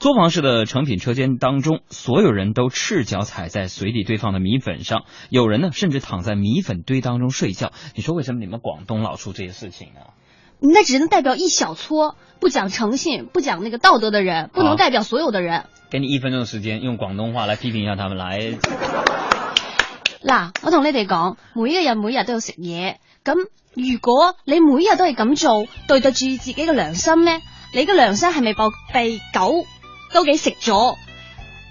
作坊式的成品車間當中，所有人都赤腳踩在水底堆放的米粉上，有人呢甚至躺在米粉堆當中睡覺。你說為什麼你們廣東老出這些事情呢？那只能代表一小撮不講誠信、不講那個道德的人，不能代表所有的人。啊，給你一分鐘的時間，用廣東話來批評一下他們來。嗱， 我同你哋講，每個人每日都要食嘢，咁如果你每日都係咁做，對得住自己嘅良心呢？你嘅良心係咪被狗？都幾食咗？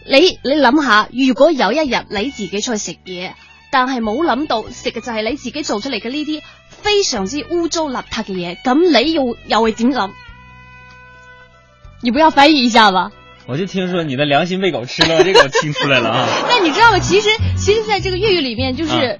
你你諗下，如果有一日你自己出去食嘢，但係冇諗到食嘅就係你自己做出嚟嘅呢啲非常之污糟邋遢嘅嘢，咁你要又，又會點諗？你不要翻譯一下吧？我就聽說你的良心被狗吃了， 這個我聽出來了啊。但 你知道嗎？其實其實，在這個粵語裏面，就是。啊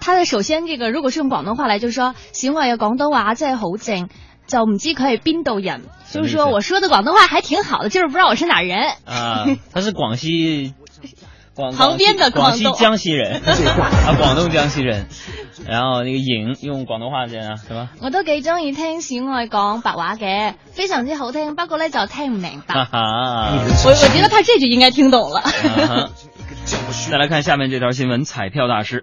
他的首先，這個如果是用廣東話來，就說小愛的廣東話真係好正，就唔知佢係邊度人。是是是。就是說，我說的廣東話還挺好的，就是不知道我是哪人。啊，他是廣西廣旁邊的廣西，廣西江西人 啊，廣東江西人。然後那個影用廣東話講什麼？我都幾中意聽小愛講白話嘅，非常之好聽。不過咧，就聽唔明白。我我覺得他這句應該聽懂了。啊哈。再來看下面這條新聞：彩票大師。